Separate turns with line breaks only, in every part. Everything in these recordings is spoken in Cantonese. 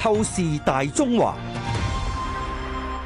透視大中華。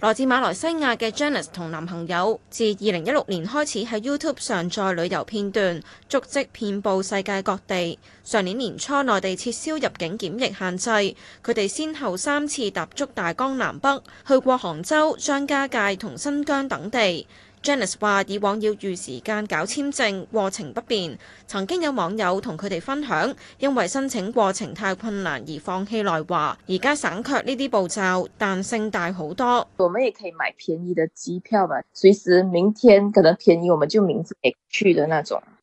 來自馬來西亞嘅 Janice 同男朋友自二零一六年開始喺 YouTube 上載旅遊片段，足跡遍佈世界各地。上年年初，內地撤銷入境檢疫限制，佢哋先後三次踏足大江南北，去過杭州、張家界同新疆等地。Janice 話：以往要預時間搞簽證過程不便，曾經有網友同佢哋分享，因為申請過程太困難而放棄嚟華。而家省卻呢啲步驟，彈性大好多。我們也可以買便宜的機
票吧，隨時明天可能便宜，我們就明天去的那種。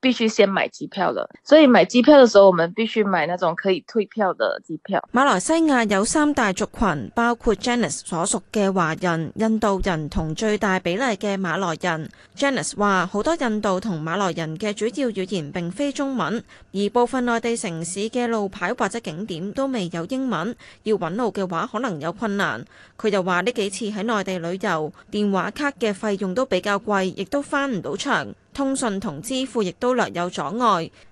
必須先買機票了，所以買機票的時候，我們必須買那種可以退票的機
票。馬來西亞有三大族群，包括 Janice 所屬嘅華人、印度人同最大比例嘅馬來人。Janice 話，好多印度同馬來人嘅主要語言並非中文，而部分內地城市嘅路牌或者景點都未有英文，要搵路嘅話可能有困難。佢又話呢幾次喺內地旅遊，電話卡嘅費用都比較貴，亦都翻唔到牆。通訊同支付亦都略有阻礙。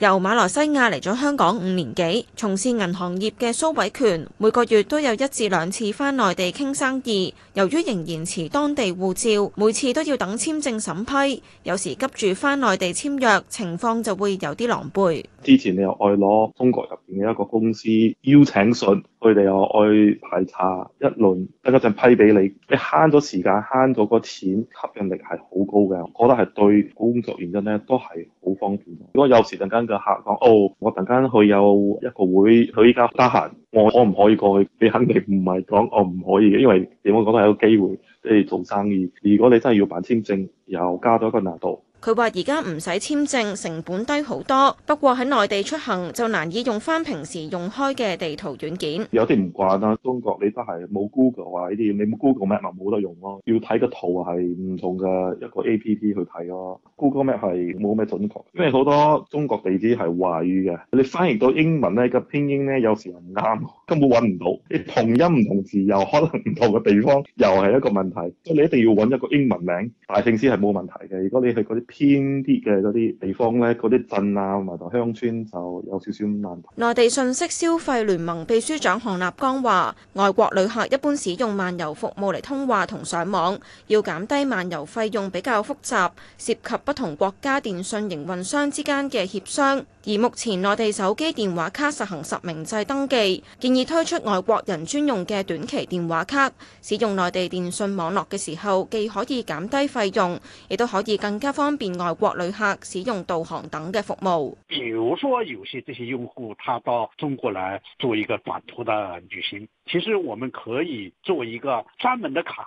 由馬來西亞嚟咗香港五年幾，從事銀行業嘅蘇偉權，每個月都有一至兩次返內地傾生意。由於仍然持當地護照，每次都要等簽證審批，有時急住返內地簽約，情況就會有啲狼狽。
之前你又愛攞中國入邊嘅一個公司邀請信，佢哋又愛排查一輪，等一陣批俾你，你慳咗時間，慳咗個錢，吸引力係好高嘅。我覺得係對工作原因呢都係好方便的。如果有時陣間。就客講：哦，我突然間去有一個會，佢依家得閒，我可唔可以過去？你肯定唔係講我唔可以嘅，因為點講都係有個機會，你畀做生意。如果你真係要辦簽證，又加咗一個難度。
佢話：而家唔使簽證，成本低好多。不過喺內地出行就難以用翻平時用開嘅地圖軟件。
有啲唔慣啦、啊，中國你都係冇 Google 啊呢啲，你冇 Google Map 咪冇得用咯、啊。要睇個圖係唔同嘅一個 APP 去睇咯、啊。Google Map 係冇咩準確，因為好多中國地址係華語嘅，你翻譯到英文咧個拼音咧，有時唔啱，根本揾唔到。你同音唔同字又可能唔同嘅地方，又係一個問題。所以你一定要揾一個英文名，大城市係冇問題嘅。如果你去嗰啲。偏啲嘅嗰啲地方咧，嗰啲鎮啊同埋同鄉村就有少少問
題。內地信息消費聯盟秘書長韓立剛話，外國旅客一般使用漫遊服務嚟通話同上網，要減低漫遊費用比較複雜，涉及不同國家電信營運商之間嘅協商。而目前內地手機電話卡實行實名制登記，建議推出外國人專用嘅短期電話卡，使用內地電信網絡嘅時候，既可以減低費用，亦都可以更加方便外國旅客使用導航等嘅服務。
比如說，有些這些用戶，他到中國來做一個短途的旅行，其實我們可以做一個專門的卡。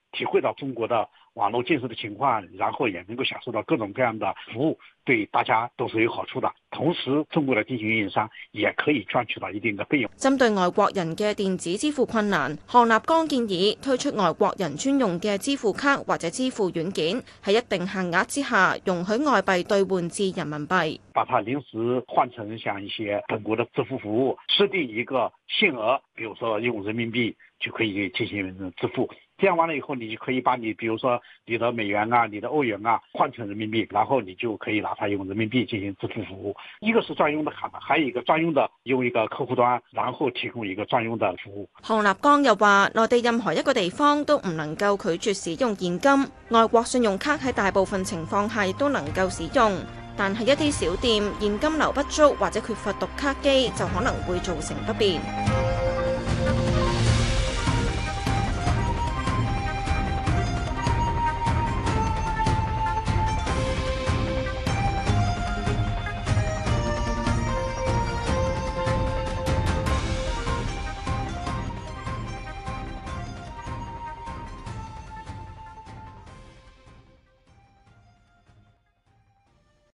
體會到中國的網絡建設的情況，然後也能夠享受到各種各樣的服務，對大家都是有好處的。同時，中國的電信運營商也可以賺取到一定的費用。
針對外國人嘅電子支付困難，何立剛建議推出外國人專用嘅支付卡或者支付軟件，喺一定限額之下，容許外幣兌換至人民幣。
把它臨時換成像一些本國的支付服務，設定一個限額，比如說用人民幣就可以進行支付。這樣完了以後，你就可以把你，比如說你的美元啊、你的歐元啊，換成人民幣，然後你就可以拿它用人民幣進行支付服務。一個是專用的卡嘛，還有一個專用的用一個客戶端，然後提供一個專用的服務。
項立剛又話：內地任何一個地方都唔能夠拒絕使用現金，外國信用卡喺大部分情況下都能夠使用，但係一啲小店現金流不足或者缺乏讀卡機，就可能會造成不便。